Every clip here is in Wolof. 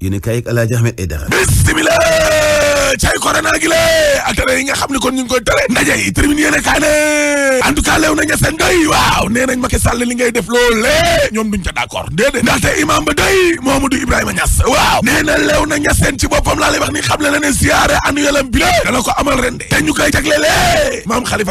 yéen a kaay ak El Hadj Ahmed Aidara. bismillah. cay corona gi la ak tere yi nga xam ne kon koy tere ndaje yi tribune Sall li ngay def loolee ñoom duñ ca d'accord déedéet ndaxte imam ba day Mamadou Ibrahima Niass waaw nee na leew na ñeseen laa lay wax ni xam le na ne la ko amal ren de te ñu koy jaglelee maam a kaay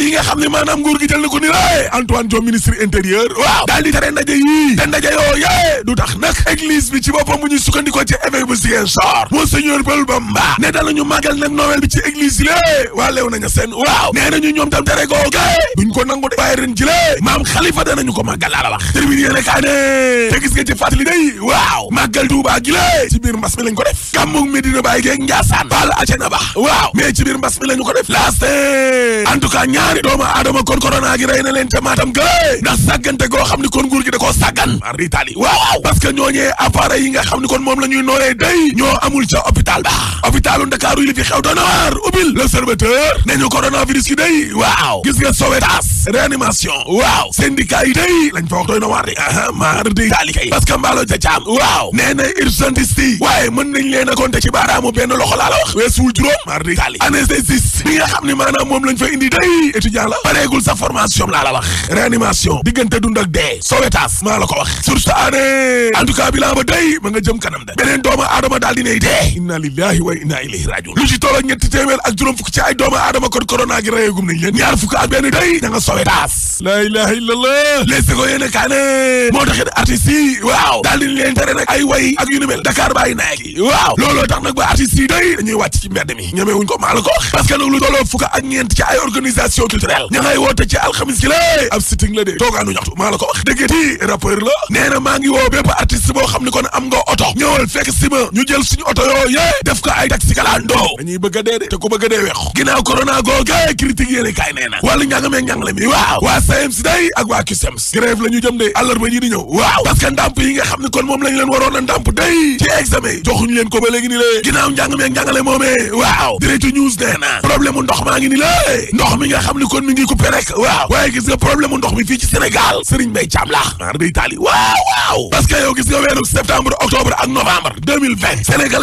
yi nga xam ne maanaam nguur gi jël na ko ni la Antoine Diome ministre intérieur waaw daal di tere ndaje yi te ndaje yoo yee du tax nag église bi ci boppam mu ñu sukkandikoo ci évêque bu Ziguinchor Monseigneur Paul Bamba ne danañu màggal nag Noël bi ci église yi lée waa leew seen waaw nee nañu ñoom tam tere googe duñ ko nangu de bàyyi ji lée maam xalifa danañu ko màggal laa la wax tribune yéene kaa ne te gis nga ci fàttali day waaw màggal Tuubaa gi lée ci biir mbas mi lañ ko def gàmmug Medina Baay geeg Njaasaan baal aca na ba waaw mais ci biir mbas mi lañu ko def laaste en tout cas ñaari doomu aadama kon corona gi rey na leen ca maatam gële ndax sàggante goo xam ni kon nguur wul ca hôpital ba hôpitalu Ndakaaru yi li fi xew doona waar ubbil l'observateur ne ñu coronavirus yi day waaw gis nga Sowetaas réanimation waaw syndicat yi day lañ fa wax doy de aha maar de taali kay parce mbaalo ja caam waaw nee na urgentiste yi waaye mën nañ leen a compter ci baaraamu benn loxo laa la wax weesuwul juróom maar de taali anesthésiste bi nga xam ne moom lañ fa indi day étudiant la pareegul sa formation laa wax réanimation ko wax surtout en tout cas bilan ba day ma nga jëm kanam di nay inna lillahi wa inna ilayhi rajiun lu ci toll ak ñetti téeméer ak juróom fukk ci ay doomu aadama kon corona gi rayegum nañ leen ñaar fukk ak benn day da nga sowe taas laa ilaha illallah les seco yéen a kaane moo taxit artistes waaw daal leen tere nag ay way ak yu ni mel Dakar bàyyi naaj yi waaw looloo tax nag ba artistes day dañuy wàcc ci mbedd mi ñemewuñ ko maa ko wax parce lu tolloo fukk ak ñeent ci ay organisation culturelle ña woote ci alxamis gi la oto yooyee def ko ay taxi kalandoo dañuy bëgg a dee de te ku bëgg a dee weex ginnaaw corona googe critique yéene kaay nee na wàllu njàng meeg mi waaw waa SAEMS day ak waa CUSEMS e grève la ñu jëm de àllarba ji di ñëw waaw parce que yi nga xam ne kon moom lañ leen waroon a ndàmp day ci examen joxuñu leen ko ba léegi ni lée ginnaaw njàng meeg njàngale moomee waaw direct ndox maa xam ne kon mi ngi coupé waaw waaye gis nga problème ndox mi fii ci Sénégal Serigne Mbaye Thiam la maar day taali waaw waaw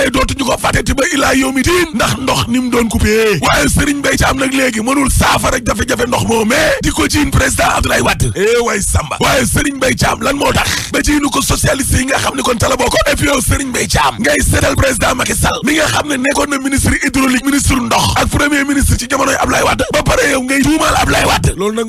loolee dootuñu ko fàtteti ba ilaa yawmi diin ndax ndox ni mu doon coupé waaye Serigne Mbaye Thiam nag léegi mënul saafara jafe-jafe ndox moo mais di ko jiin président Abdoulaye Wade eh way Samba waaye Serigne Mbaye Thiam lan moo tax ba jiinu ko socialiste yi nga xam ne kon tala boo ko et puis yow Serigne Mbaye Thiam ngay seetal président Macky mi nga xam ne nekkoon na ministre hydraulique ministre ndox ak premier ministre ci jamonoy Abdoulaye Wade ba pare yow ngay tuumaal Abdoulaye Wade loolu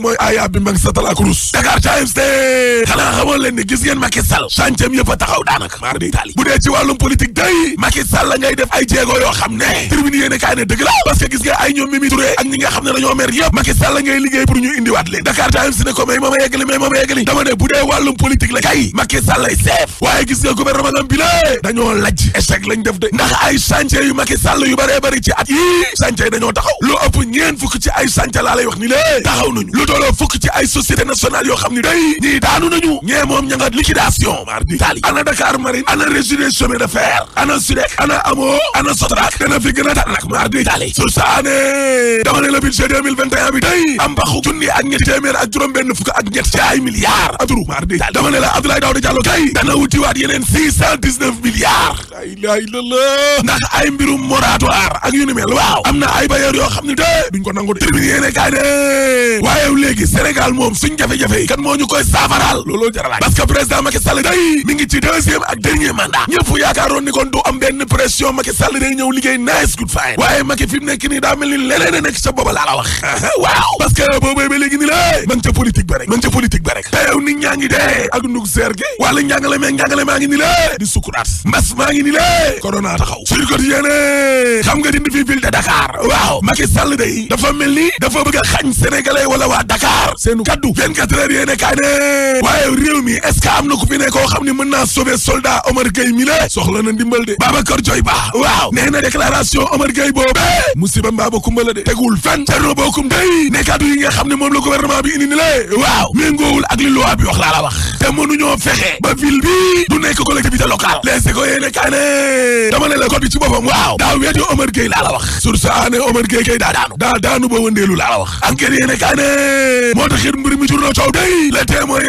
nag Macky Sall ngay def ay jéego yoo xam ne tribune yéen kaay ne dëgg la parce que gis nga ay ñoom Mimi Touré ak ñi nga xam ne dañoo mer yëpp Macky Sall ngay liggéey pour ñu indiwaat leen Dakar Times ne ko may mooma yeggali may mooma yeggali dama ne bu dee wàllum politique la kay Macky Sall ay seef waaye gis nga gouvernement bi la dañoo laj échec lañ def de ndax ay chantier yu Macky Sall yu bëree bëri ci at yii chantier dañoo taxaw lu ëpp ñeen fukk ci ay chantier nag ana amoo ana sotraak dana fi gën a tar nag maa di taali su saane dama ne la budget 2021 bi day am baxu junni ak ñetti téeméer ak juróom benn fukk ak ñett ci ay milliards aduru maa dama ne la Abdoulaye Daouda Diallo kay dana wutiwaat yeneen 619 milliards la ilaha illallah ndax ay mbirum moratoire ak yu mel waaw am na ay bailleur yoo xam ne de duñ ko nangu de tribune yéene kaay de waaye léegi Sénégal moom suñ jafe-jafe yi kan benn pression Macky Sall day ñëw liggéey nice good fine waaye Macky fi mu nekk nii daa mel ni leneen a nekk ca booba laa la wax waaw parce que boobu ba léegi ni la ma ngi ca politique ba rek ma ngi ca politique ba rek te yow nit ñaa ngi dee ak ndug seer gi wala njàngale mee njàngale maa ngi ni la di sukuraat mbas maa ngi ni la corona taxaw sur quotidien xam nga dindi fii ville de Dakar waaw Macky Sall day dafa mel ni dafa bëgg a xañ sénégalais wala waa Dakar seenu Babacar Joy Ba waaw nee na déclaration Omar Gueye boobee musiba mbaa ba kumba la de tegul fen Thierno Bocoum day ne kaddu yi nga xam ne moom la gouvernement bi indi ni le waaw méngoowul ak li loi bi wax laa la wax te mënuñoo fexe ba ville bi du nekk collectivité locale les éco yéene kaa ne dama ne la code bi ci boppam waaw daa weetu Omar Gueye laa la wax sur ça Omar Gueye kay daa daanu ba wëndeelu laa la wax enquête yéene kaa moo taxit mbir mi jur coow day le témoin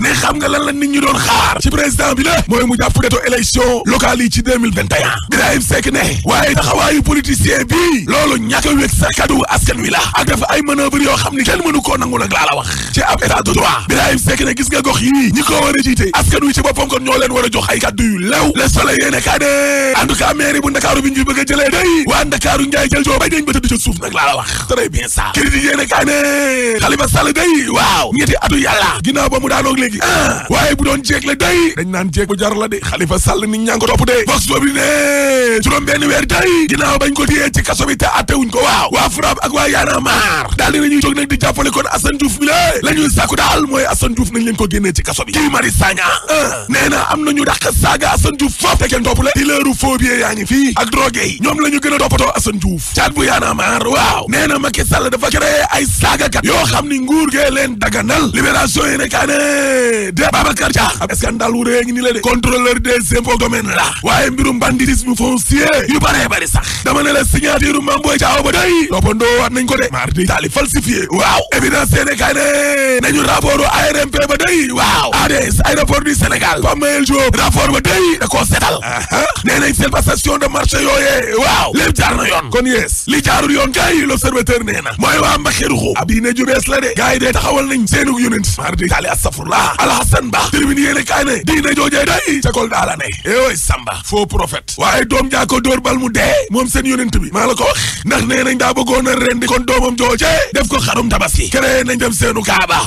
ne xam nga lan la nit ñi doon xaar ci président bi la mooy mu jàpp detu élection locale yi ci 2021 Birahim ne waaye taxawaayu politicien bi loolu ñàkk a wéeg askan wi la ak def ay manœuvre yoo xam ni kenn mënu koo nangu nag la wax ci ab état de droit Birahim Seck ne gis nga gox yii ñi ko war a jiite askan wi ci boppam kon ñoo leen war a jox ay kàddu yu lew le soleil yéene kaa ne en mairie bu ndakaaru bi ñu bëgg a jëlee day waa ndakaaru toog léegi waaye bu doon jéeg la day dañ naan jéeg bu jar la de Khalifa Sall nit ñaa ngi ko topp de vox boobu ne juróom benn weer day ginnaaw bañ ko téyee ci kaso bi te attewuñ ko waaw waa FRAPP ak waa Y'en a marre daal dinañuy jóg nag di jàppale kon Assane Diouf mi la la ñuy daal mooy Assane Diouf nañu gën a toppatoo Assane Diouf caat bu Y'en a waaw nee na Macky Sall dafa créé ay saagakat yoo xam ni nguur gee leen daganal libération yi ne kaane de Babacar Dia scandale wu rëy ngi nii la de contrôleur des impôts domaine la waaye mbirum banditisme foncier yu bare bari sax dama ne la signature Mamboy Diaw ba day lopandoo waat nañ ko de mar di daali falsifié waaw évidence Sénégal ne nañu rapportu ARMP da koo setal nee nañ seen passation de marché yooyee waaw lépp jaar na yoon kon yees li jaarul yoon kay l'observateur nee na mooy waa mbaxeeruxu ab diine ju bees la de gars yi taxawal nañ seenug unit mar di daali astafur laa alhasan ba tribune yéene kaay ne diine joojee day ca Kolda la ne éwoy samba faux prophète waaye doom jaa ko dóor bal mu dee moom seen yonent bi maa la ko wax ndax nañ daa bëggoon a rendi kon doomam joojee def ko xarum tabaski créé nañ dem seenu kaaba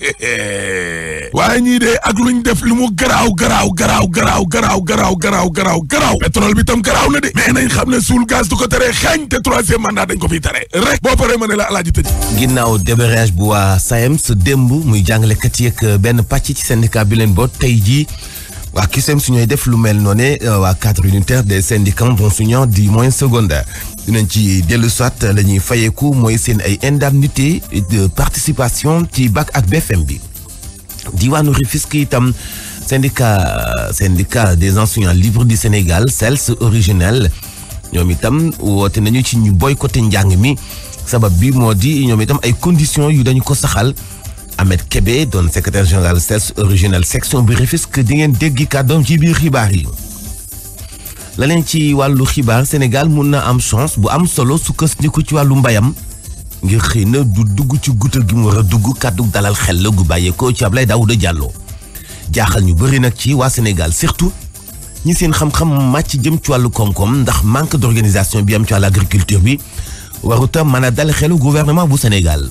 waaye ñii de ak luñ def lu mu garaaw garaaw garaaw garaaw garaaw garaaw garaaw garaaw garaaw pétrole bi tam garaaw na de mais nañ xam ne suul gaz du ko teree xeeñ te troisième mandat dañ ko fiy tere rek boo paree ma ne la alaaji tëj ginnaaw débrayage bu waa SAEMS démb muy muy jàngalekat yi ak euh, benn pàcc ci syndicat bi leen boot tey jii waa kisem su ñooy def lu mel noone euh, waa cadre unitaire des syndicats d'enseignants du moyen secondaire dinañ ci dellu soit la ñuy fayeeku mooy seen ay indemnité de participation ci bac ak BFM bi diwaanu Rufisque itam syndicat euh, syndicat des enseignants libre di Sénégal CELS originel ñoom itam woote nañu ci ñu boycotté njàng mi sabab bi moo di ñoom itam ay conditions yu dañu ko saxal Ahmed Kébé doon secrétaire général CELS original section bi Rufisque di ngeen dégg kàddoom ci biir xibaar yi. leneen ci wàllu xibaar Sénégal mun na am chance bu am solo su kës ni ci wàllu mbayam ngir xëy na du dugg ci guta gi mu war a dugg kàddu dalal xel la gu bàyyeekoo ci ab Ablaye Daouda jàlloo jaaxal ñu bëri nag ci waa Sénégal surtout ñi seen xam-xam màcc jëm ci wàllu koom ndax manque d'organisation bi am ci wàllu agriculture bi waruta mën a dal xelu gouvernement bu Sénégal.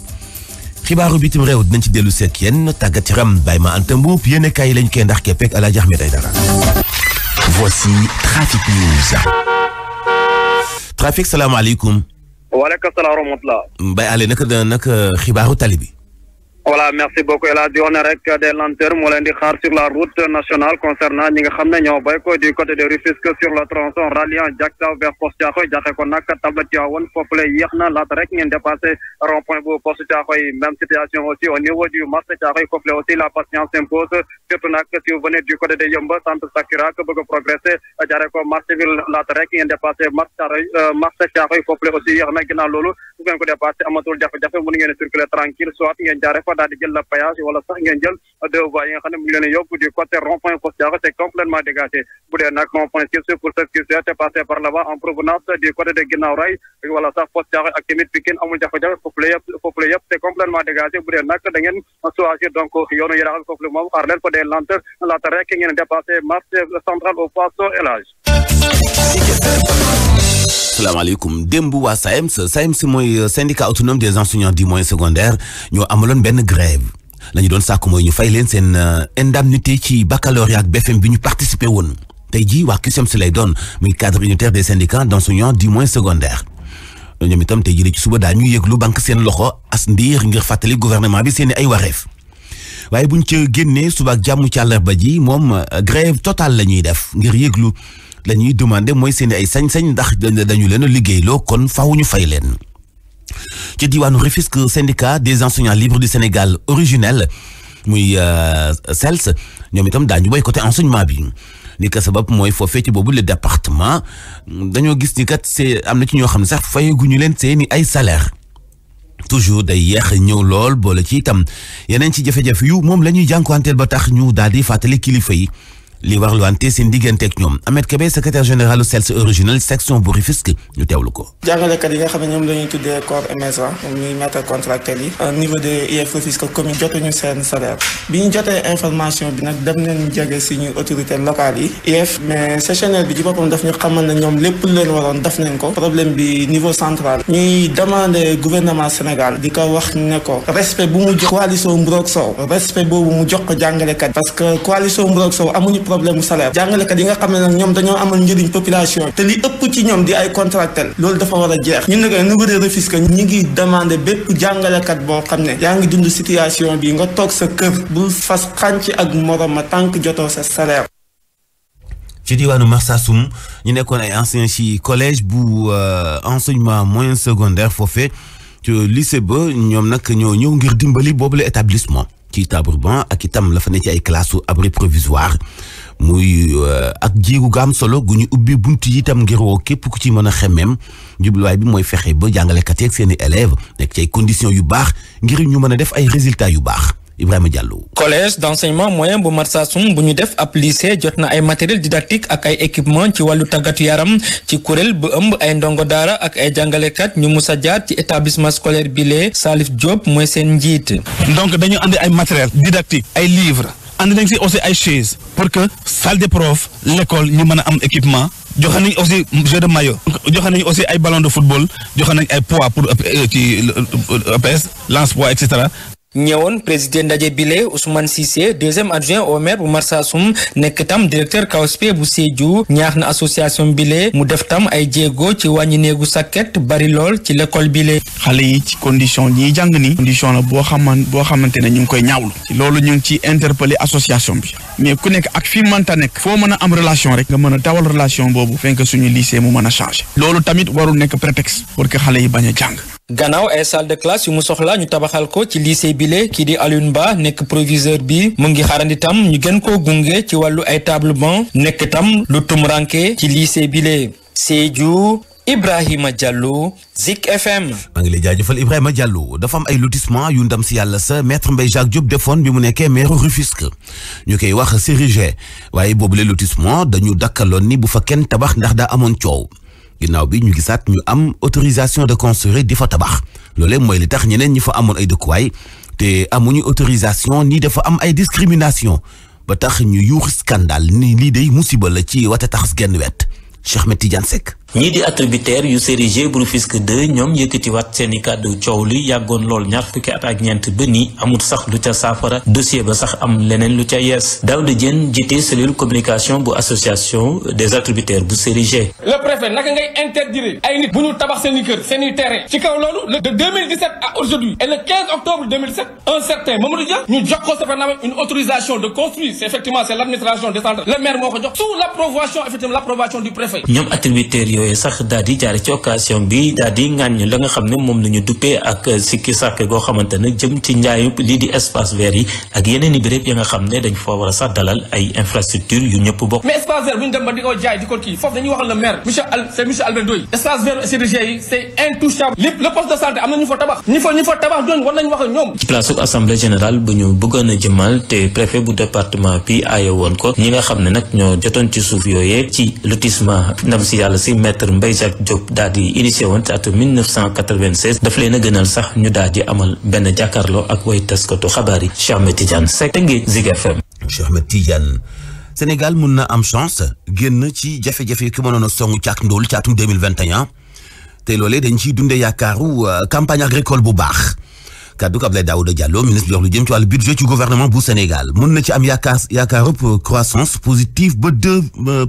xibaaru bitim réew dinañ ci dellu seet yenn tàggat yaram bàyyi ma Anta Mbuub yéen kaay lañ koy ndax keppek Alaaji Ahmed Aidara. Voici Trafic News. Trafic salaamaaleykum. waaleykum salaam wa rahmatulah. Mbaye Allé naka naka xibaaru tali bi. voilà merci beaucoup El Hadj Dione rek des lenteurs moo leen di sur la route nationale concernant ñi nga xam ne ñoo ko du côté de Rufisque sur le tronçon ralliant Diacksao vers Poste Thiaroye jaxe ko nag tabla Tivaouane foofu lay yéex na laata rek ngeen dépassé rond point bu Poste Thiaroye même situation aussi au niveau du marché Thiaroye foofu la aussi la patience s'impose surtout nag si vous venez du côté de Yeumbeul centre Sakura que bëgg a progresser ko marché bi euh, la daal jël la péage wala sax ngeen jël deux voies yi nga xam ne mu ngi leen yóbbu du côté rond complètement dégagé bu nag rond point pour ceux qui souhaitent passer par là en provenance du côté de Guinaw wala sax Fass Thiaroye ak tamit Pikine amul jafe-jafe foofu la yëpp foofu complètement dégagé bu nag da ngeen choisir donc yoonu Yaraax foofu la moom xaar leen fa dee lenteur laata rek ngeen dépassé marché central au Passo Elage salaamaaleykum démb waa SAEMS SAEMS mooy syndicat autonome des enseignants du moyen secondaire ñoo amaloon benn grève la ñu doon sàkk mooy ñu fay leen seen euh, indemnité ci baccalauréat ak BFM bi ñu participé woon tey jii waa CUSEMS lay doon muy cadre unitaire des syndicats d'enseignants du moyen secondaire ñoom itam tey jii ci suba daal ñu yëglu banque seen loxo as ndiir ngir fàttali gouvernement bi seen i ay wareef waaye buñ ci génnee suba ak jàmm ci àllarba ji moom euh, grève totale la ñuy def ngir yëglu. la ñuy demandé mooy seen ay sañ-sañ ndax dañu leen a liggéeyloo kon faaw ñu fay leen. ci diwaanu Rufisque syndicat des enseignants libre du Sénégal originel muy SELS euh, ñoom itam daañu boycotté enseignement bi. ni ka sabab mooy foofee ci boobu le département dañoo gis ni kat se am na ci ñoo xam ne sax ñu leen seeni ay salaire toujours day yeex ñëw lool boole ci itam yeneen ci jafe-jafe yu moom la ñuy jànkuwanteel ba tax ñu daal di fàttali kilifa yi. li war lu ante seen digganteeg ñoom Ahmed Kébé secrétaire général CELS original section bu Rufisque ñu teewlu ko. jàngalekat yi nga xam ne ñoom la tuddee corps MSA ñuy maître yi. au niveau de IEF Rufisque commune jotuñu seen salaire bi ñu jotee information bi nag dem nañu jege suñu autorité locale yi. IEF mais sessionnaire bi ci boppam daf ñu xamal ne ñoom lépp leen waroon def nañ ko problème bi niveau central. ñuy demander gouvernement Sénégal di ko wax ne ko respect bu mu jox coalition Mburok problème salaire jàngalekat yi nga xam ne nag ñoom dañoo amal njëriñ population te li ëpp ci ñoom di ay contractuel loolu dafa war a jeex ñun nag nouveau de Rufisque ñi ngi demandé bépp jàngalekat boo xam ne yaa ngi situation bi nga toog sa kër bu fas xànc ak morom ma tànk jotoo sa salaire ci diwaanu Marsassoum ñu nekkoon ay anciens ci collège bu euh, enseignement moyen secondaire foofee ci lycée ba ñoom nag ñoo ñëw ngir dimbali boobu la établissement ci Tabourban ak itam la fa ne ci ay classes abri provisoire muy euh, ak jéegu gu am solo gu ñu ubbi bunt yi itam ngir woo képp ku ci mën a xemmeem jubluwaay bi mooy fexe ba jàngalekat yeeg seen i élèves nekk ci ay conditions yu baax ngir ñu mën a def ay résultats yu baax. Ibrahima Diallo. collège d'enseignement moyen bu Marsassoum bu ñu def ab lycée jot na ay matériel didactique ak ay équipement ci wàllu tàggatu yaram ci kuréel bu ëmb ay ndongo daara ak ay jàngalekat ñu mus a jaar ci établissement scolaire bi lee Salif Diop mooy seen njiit. donc dañu andi ay matériel didactique ay livres. ànd nañ si aussi ay chaise pour que salle des profs l'école ñu mën a am équipement joxe nañ aussi jeu de maillot joxe nañ aussi ay ballon de football joxe nañ ay poids pour ci e e, EPS lance poids et cetera ñëwoon président ndaje bile Ousmane Cissé deuxième adjoint au maire bu Marsassoum nekk tam directeur CAOSP bu Sédhiou ñaax na association bile mu def tam ay jéego ci wàññi néegu sàkket bari lool ci l'école bile. xale yi ci condition ñiy jàng ni condition la boo xaman boo xamante ne ñu ngi koy ñaawlu. loolu ñu ngi ci interpellé association bi. mais ku nekk ak fi mënta nekk. foo mën a am relation rek. nga mën a dawal relation boobu. fenk suñu lycée mu mën a changé. loolu tamit warul nekk prétexte. pour que xale yi bañ a jàng. gannaaw ay salle de classe yu mu soxla ñu tabaxal ko ci lycée bile kii di Alioune Ba nekk proviseur bi mu ngi xaarandi tam ñu gën koo gunge ci wàllu ay tablement banc nekk tam lu tumranke ci lycée bile Sédhiou Ibrahima Diallo Zik FM. maa ngi lay jaajëfal Ibrahima Diallo dafa am ay lotissement yu ndam si yàlla sa maître Mbaye Jacques Diop defoon bi mu nekkee maire Rufisque ñu koy wax Sérigé waaye boobu le lotissement dañu dakkaloon ni bu fa kenn tabax ndax daa amoon coow. ginnaaw bi ñu gisaat ñu am autorisation de construire di fa tabax loolee mooy li tax ñeneen ñi fa amoon ay dëkkuwaay te amuñu autorisation ni dafa am ay discrimination ba tax ñu yuuxi scandale nii lii dey musiba la ci wate tax genn wet Cheikh Ahmed Tidiane Seck ñii di attributaire yu série G bu Rufisque 2 ñoom yëkkatiwaat seen i kàddu coow li yàggoon lool ñaar fukki at ak ñeent ba nii amul sax lu ca saafara dossier ba sax am leneen lu ca yees Daouda Diène jiite cellule communication bu association des attributaires bu série G. le préfet naka ngay interdire ay nit bu ñu tabax seen kër seen i ci kaw loolu le de 2017 aujourd'hui et le octobre un certain Mamadou Dia ñu jox ko Sofername une autorisation de construire yooyu sax daal di jaare ci occasion bi daal di ŋàññ la nga xam ne moom la ñu duppee ak sikki sàkk goo xamante ne jëm ci njaayub lii di espace vert yi ak yeneen i béréb ya nga xam ne dañ fa war a sax dalal ay infrastructure yu ñëpp bokk. mais espace vert bu ñu dem ba di ko jaay di ko kii foofu dañuy waxal le maire monsieur Al c'est monsieur Albert Ndoye espace vert CDG yi c'est intouchable lépp le poste de santé am na ñu fa tabax ñu fa ñu fa tabax doon war nañu wax ak ñoom. ci place u assemblée générale bu ñu bëggoon a jëmal te préfet bu département bi aaye woon ko ñi nga xam ne nag ñoo jotoon ci suuf yooyee ci lotissement ndam si yàlla si maître Mbaye Jacques Diop daal di woon ci atum 1996 a gënal sax ñu daal amal benn jàkkaarloo ak way taskatu xabaar yi Cheikh Ahmed Tidiane Seck Tëngéej Sénégal mun na am chance génn ci jafe-jafe ki mënoon a songu càkk ndóol ci atum 2021 te loolee dañ ciy dundee yaakaaru euh, campagne agricole bu baax kaddu ko Abdoulaye Daouda Diallo ministre bi lu jëm ci wàllu budget ci gouvernement bu Sénégal mun na ci am yaakaar yaakaarub euh, croissance positive ba euh,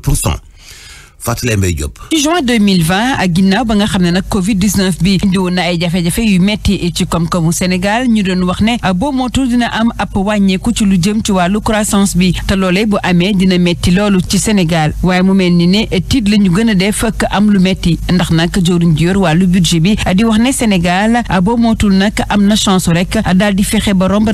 Fatou Mbaye Diop. ci juin 2020 ak ginnaaw ba nga xam ne nag Covid 19 bi indi woon na ay jafe-jafe yu metti ci koom-koomu Sénégal ñu doon wax ne ah, boo mootul dina am ab wàññeeku ci lu jëm ci wàllu croissance bi te loolee bu amee dina metti loolu ci Sénégal waaye mu mel ni ne eh, tiit la ñu gën a def ak am lu metti ndax nag jëwriñ ji yor wàllu budget bi eh, di wax ne Sénégal ah, boo mootul nag am na chance rek ah, daal di fexe ba romb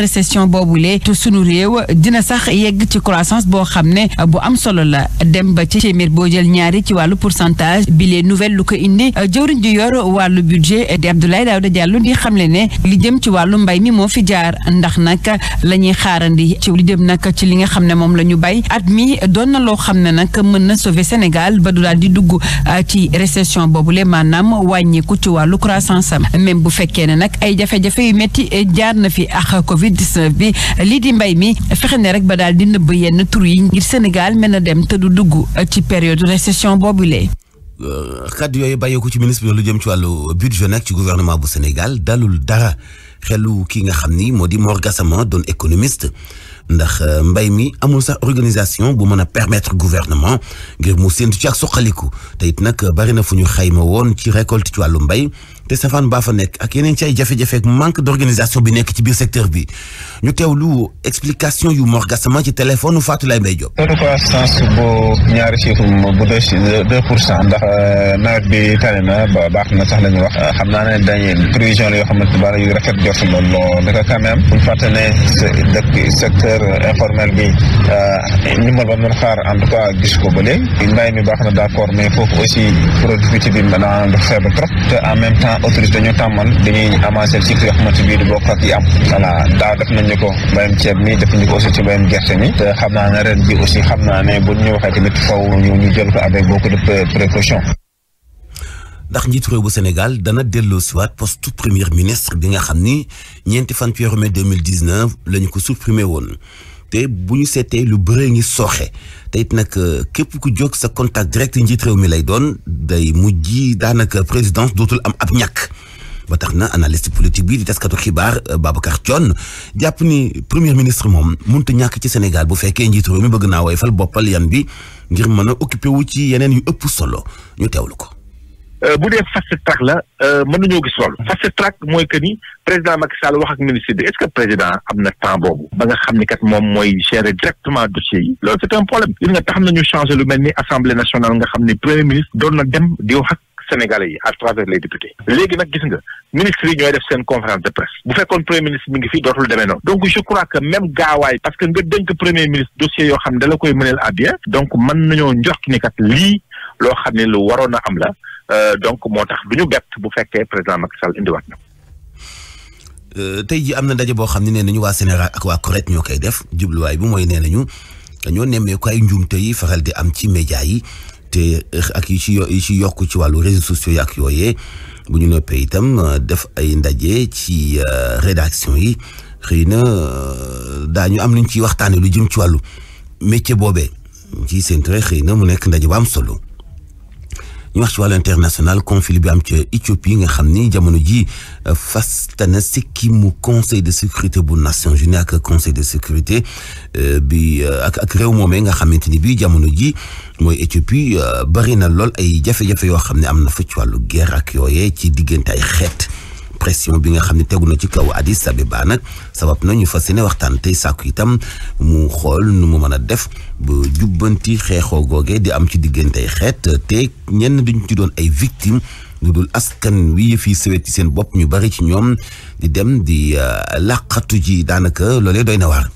boobu lee te sunu réew dina sax yegg ci croissance boo xam ne bu am solo la dem ba ci téeméer boo jël ñaar daal ci wàllu pourcentage bi les nouvelles lu ko indi euh, jëwriñ ju yor wàllu budget di Abdoulaye Daouda jàll di xamle ne li jëm ci wàllu mbay mi moo fi jaar ndax nag la ñuy xaarandi ci li jëm nag ci li nga xam ne moom la ñu bay at mi doon na loo xam ne nag mën na sauver Sénégal ba du daal di dugg euh, ci boobu boobule maanaam wàññeeku ci wàllu croissance am même bu fekkee ne nag ay jafe-jafe yu metti euh, jaar na fi ak Covid 19 bi lii di mbay mi fexe ne rek ba daal di nëbb yenn tur yi ngir Sénégal mën a du dugg ci situation boobule. xaddu yooyu bàyyeeku ci ministre bi lu jëm ci wàllu budget nag ci gouvernement bu Sénégal dalul dara xelu ki nga xam ni moo di Mor Gassama doon économiste ndax euh, mbay mi amul sax organisation bu mën a permettre gouvernement ngir mu séntu ci ak suqaliku te it nag bari na fu ñu xayma woon ci récolte ci wàllu mbay te safaan baa fa nekk ak yeneen ci ay jafe-jafe ak manque d'organisation bi nekk ci biir secteur bi ñu teewlu explication yu Mor Gassama ci téléphone Fatou Lay Mbaye Diop. croissance boo ñaari chiffre bu deux pour cent ndax euh, nawet bi tane na ba baax na sax la ñu wax xam naa ne dañuy prévision la yoo xamante ba yu rafet jot na lool dafa quand même bu ñu fàtte ne dëkk secteur informel bi euh, ndimbal ba mu doon xaar en tout cas gis ko ba léegi mbay mi baax na d'accord mais foofu aussi productivité bi maanaam dafa faible trop te en même temps pourtant autorité dañoo tàmmal dañuy amasser cycle yoo xamante bii du bokk ak yi am voilà daaw def nañ ñu ko mbayam ceeb mi def nañu ko aussi ci mbayam gerte mi te xam naa ne ren bi aussi xam naa ne bu ñu waxee tamit faw ñu ñu jël ko avec beaucoup de précaution ndax njiitu réew bu Sénégal dana delloo siwaat poste premier ministre bi nga xam ni ñeenti fan ci weeru mai 2019 la ñu ko supprimé woon te bu ñu seetee lu bëree ngi sooxee teyit it nag euh, képp ku jóg sa contact direct njiit réew mi lay doon day mujj daanaka présidence dootul am ab ñàkk. ba tax na analyste politique bi di taskatu xibaar euh, Babacar Thion jàpp ni premier ministre moom mënut a ñàkk ci Sénégal bu fekkee njiit réew mi bëgg naa woyfal boppal yan bi ngir mën a occupé wu ci yeneen yu ëpp solo ñu teew teewlu ko. Euh, bu dee fast track la euh, mën nañoo gis loolu fast track mooy que ni président Macky Sall wax ak ministre bi est ce que président am na temps boobu ba nga xam ni kat moom mooy gérer directement dossier yi loolu c' est un problème il nga tax nañu changer lu mel ni assemblée nationale nga xam ni premier ministre doon na dem di wax ak sénégalais yi à travers les députés léegi nag gis nga ministre yi ñooy def seen conférence de presse bu fekkoon premier ministre ngi fi dootul demee noonu donc je crois que même gaawaay parce que ne dala koy mëneel à bien donc mën nañoo njort ni kat loo xam ne lu waroon a am la Euh, donc moo tax du ñu bett bu fekkee président Macky Sall indiwaat na. Euh, tey jii am na ndaje boo xam ne nee nañu waa Sénégal ak waa CORED ñoo koy def jubluwaay bi mooy nee nañu dañoo nemmeeku ay njuumte yi faral di am ci média yi te euh, ak yi ci yi ci yokk ci wàllu réseaux sociaux yi ak yooyee bu ñu noppee itam def ay ndaje ci rédaction yi xëy na daañu am luñ ciy waxtaane lu jëm ci wàllu métier boobee ci seen xëy na mu nekk ndaje bu am solo. ñu wax ci wàllu international conflit bi am ca Éthiopie nga xam ni jamono ji euh, fastana sikki mu conseil de sécurité bu Nations Unies ak conseil de sécurité euh, bi euh, ak ak réew moomee nga xamante ni bii jamono ji mooy Éthiopie bari na lool ay jafe-jafe yoo xam ne am na fa ci wàllu guerre ak yooyee ci diggante ay xeet pression bi nga xam ne tegu na ci kaw Addis baa nag sabab na fa fas yéene waxtaan tey sàkku itam mu xool nu mu mën a def ba jubbanti xeexoo googe di am ci diggantey xeet te ñenn duñu ci doon ay victimes lu dul askan wi yëf yi sawet ci seen bopp ñu bari ci ñoom di dem di euh, làqatu ji daanaka loolee doy na waar.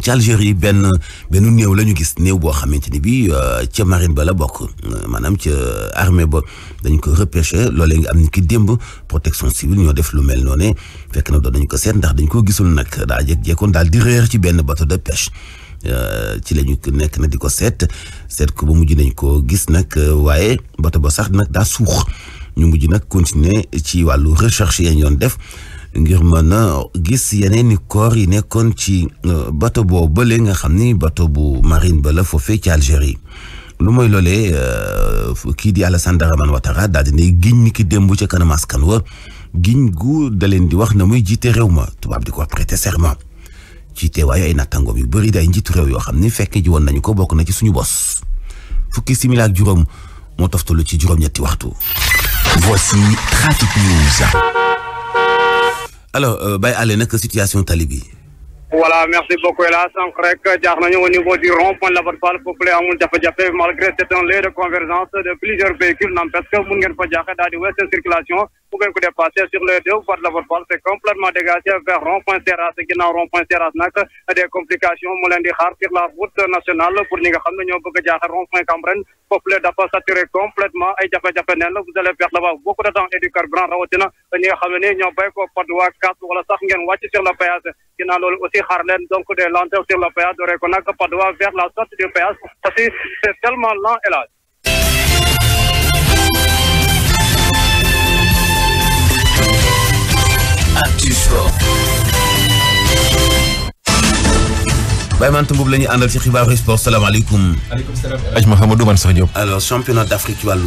ci Algérie benn benn néew la ñu gis néew boo xamante ni bii euh, ca marine ba la bokk euh, maanaam ca armee ba dañ ko repêché loolee nga am ni ki démb protection civile ñoo def lu mel noonu fekk na doon dañ ko seet ndax dañ ko gisul nag daa jékkoon daal di réer ci benn bateau de pêche euh, ci la ñu nekk na di ko seet seet ko ba mujj nañ ko gis nag waaye bateau ba sax nag daa suux ñu mujj nag continuer ci wàllu recherche yi ñu doon def. ngir mën a gis yeneen i corps yi nekkoon ci euh, bato boo bële nga xam ni bato bu marine ba la foofee ci Algérie lu mooy loolee euh, kii di Alassane Dramane Ouattara daal di ne giñ ni ki démb ca kanam askan wa giñ gu da leen di wax na muy jiite réew ma tubaab di ko prêter serment ci teewaayu ay nattangoom yu bëri day njiitu réew yoo xam ni fekk ji woon nañu ko bokk na ci suñu bos fukki simila ak juróom moo toftalu ci juróom-ñetti waxtu. Voici Trafic News. alors euh, Baye Allé nag situation tali bi. voilà merci beaucoup El rek jaax nañu au niveau du rond-point Lambatt Fall jafe-jafe malgré c'est un lieu de convergence de plusieurs ngeen fa jaaxee daal di wéy seen bu ngeen ko sur le deux voie de complètement dégagé vers rond-point Seras ginnaaw rond-point Seras nag des complications mu leen di xaar sur la route nationale pour ñi nga xam ne ñoo bëgg a jaaxal point Cambérène foofu la dafa saturé complètement ay jafe-jafe neen vous allez perdre là-bas beaucoup de temps et du carburant rawatina ñi nga xam ne nii ñoo béy ko le aussi xaar leen donc des lenteurs sur le péage dooree ko nag Padois Actu Sport. Baye Mante Mbuub la ñuy àndal ci xibaaru sport salaamaaleykum. maaleykum salaam Aj Mahamadou man sax Diop. d' Afrique ci wàllu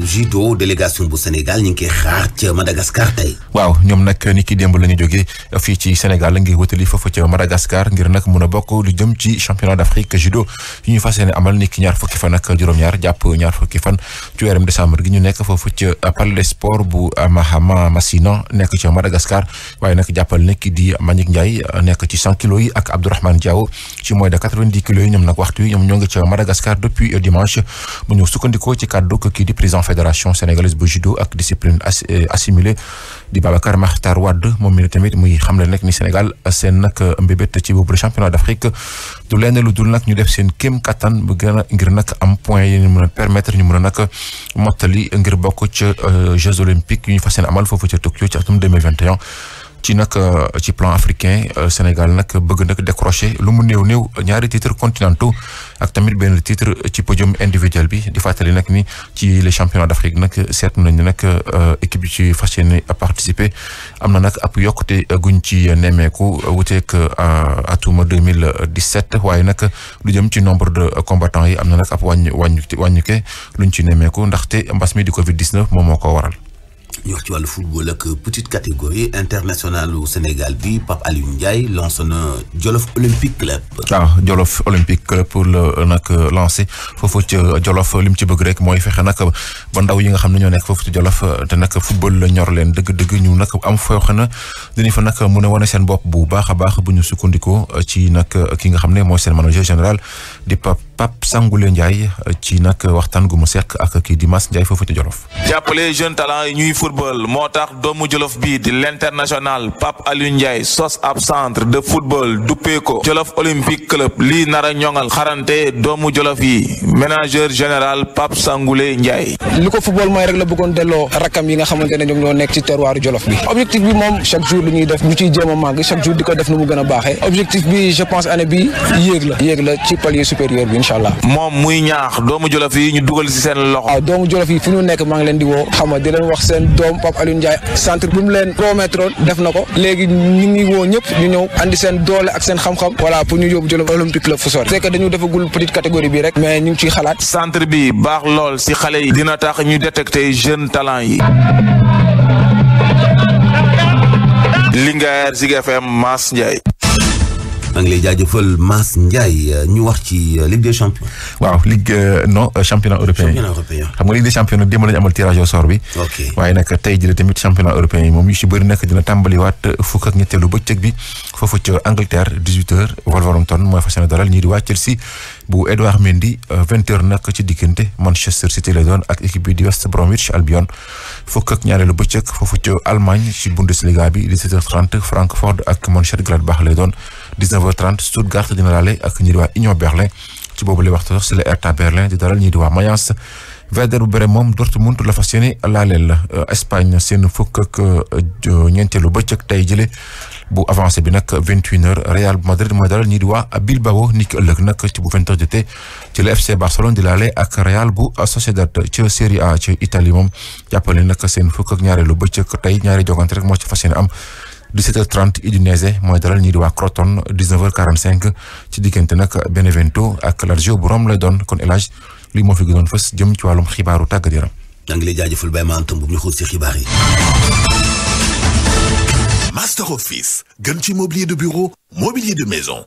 bu Sénégal ñu ngi koy xaar ca Madagascar tey. waaw ñoom nag ni ki démb la ñu jógee fii ci Sénégal ngir wëtali foofu ca Madagascar ngir nag mun a bokk lu jëm ci championnat d' Afrique judo yu ñu fas yéene ki ñaar fukki fan ak juróom jàpp ñaar fukki fan ci weeram décembre gi ñu nekk foofu ca palais des sports bu Mahama Massina nekk ca Madagascar waaye nag jàppal nekk di Manick Ndiaye nekk ci 100 kilos yi ak Abdourahmane Diaw ci mooy Dakar 90 kilos yi ñoom nag waxtu yi ñoom ñoo ngi ca Madagascar depuis dimanche bu ñu sukkandikoo ci kàddu kii di président fédération sénégalaise bu judo ak discipline euh, assimilée di Babacar Makhtar Wade moom mi tamit muy xamle nag ni Sénégal seen nag mbébét ci boobu championnat d'Afrique du lenn lu dul nag ñu def seen kéem kattan bu gën a ngir nag am point yi ñu mën a permettre ñu mën a nag mottali ngir bokk ca euh, Jeux olympiques ñu fas yéene amal ci nag euh, ci plan africain euh, Sénégal nag bëgg nag décrocher lu mu néew néew ñaari titres continentaux ak tamit benn titre ci podium individuel bi di fàttali nag ni ci les championnats d'Afrique nag seetlu nañu nag euh, équipe yi ci fas yéene participer am na nag ab yokkute guñ ci nemmeeku wuteeg atuma 2017 waaye nag lu jëm ci nombre de combattants yi am na nag ab wàññi wàññi wàññuke luñ ci nemmeeku ndaxte mbas mi di Covid 19 moom moo ko waral. ñu ci wàllu football ak petite catégorie internationale au Sénégal bi Pape Aliou Ndiaye lance na Jolof Olympique Club. waaw ah, Jolof Olympique Club pour la euh, nag euh, lancer foofu ci Jolof li mu ci bëgg rek mooy fexe nag ba ndaw yi nga xam ne ñoo nekk foofu ci Jolof euh, te nag football la ñor leen dëgg-dëgg ñu nag am foo xam ne dañuy fa nag mën a wane seen bopp bu baax a baax bu ñu sukkandikoo ci nag ki nga xam ne mooy seen manager général di Pape. Pape Sangoule Ndiaye ci nag waxtaan gu mu sekk ak kii di Mass Ndiaye foofu ci Jolof. jàppale jeune talent yi ñuy football moo tax doomu Jolof bii di l'international Pape Aliou Ndiaye sos ab centre de football duppee ko Jolof Olympique Club lii nar a ñoŋal xarante doomu Jolof yi manager général Pape Sangoule Ndiaye. li ko football mooy rek la bëggoon delloo rakkam yi nga xamante ne nekk ci terroiru Jolof bi objectif bi moom chaque jour lu ñuy def ñu a màgg chaque jour di ko def a baaxee objectif bi je pense année bi yéeg la yéeg ci palier supérieur incha allah moom muy ñaax doomu jolof yi ñu dugal si seen loxo waaw doomu jolof yi fu ñu nekk maa ngi leen di woo xam nga di leen wax seen doom Pape Alioune Ndiaye centre bu leen promettre def na ko léegi ñu ngi woo ñëpp ñu ñëw andi seen doole ak seen xam-xam voilà pour ñu yóbbu jolof olympique club fu sori c'est que dañu defagul petite catégorie bi rek mais ñu ngi xalaat centre bi baax lool si xale yi dina tax ñu détecter jeune talent yi Linguère Zik FM Mass Ndiaye maa ngi lay jaajëfal Mass Ndiaye euh, ñu wax ci euh, Ligue des champions. waaw Ligue euh, non championnat européen championnat européen. xam nga Ligue des champions démb la ñu amal tirage au bi. waaye nag tey jii tamit championnat européen yi moom yu si bëri nag dina tàmbaliwaat fukk ak ñetteelu bëccëg bi foofu ca Angleterre 18h Wolverhampton mooy dalal ñii di waa Chelsea bu Edouard Mendy 20h nag ci diggante Manchester City la doon ak équipe bi di West Bromwich Albion fukk ak ñaareelu bëccëg foofu ca Allemagne ci bi 17h30 Francfort ak lay doon. 19h30 Stuttgart dina laale ak ñi di waa Union Berlin ci boobu lay waxtu sax si la Hertha Berlin di dalal ñi di waa Mayence. Werder bu Brême moom Dortmund la fas yéene laaleel euh, Espagne seen fukk ak euh, ñeenteelu bëccëg tey jële bu avancé bi nag vingt une heures Real Madrid mooy dalal ñi di waa Bilbao ni ki ëllëg nag ci bu vingt heures jotee ci la FC Barcelone di laale ak Real bu Sociedad ci Serie A ci Italie moom jàppale nag seen fukk ak ñaareelu bëccëg tey ñaari jogante rek moo ci fas yéene am. 17h30 Udinese mooy dalal ñii di waa Crotone 19h45 ci diggante nag Benevento ak Lazio bu Rome lay doon kon El Hadj moo fi gënoon fës jëm ci wàllum xibaaru tàggat yaram. yaa ngi lay jaajëfal Baye Mantoum bu ñu xuus ci xibaar yi. Master Office gën ci mobilier de bureau mobilier de maison.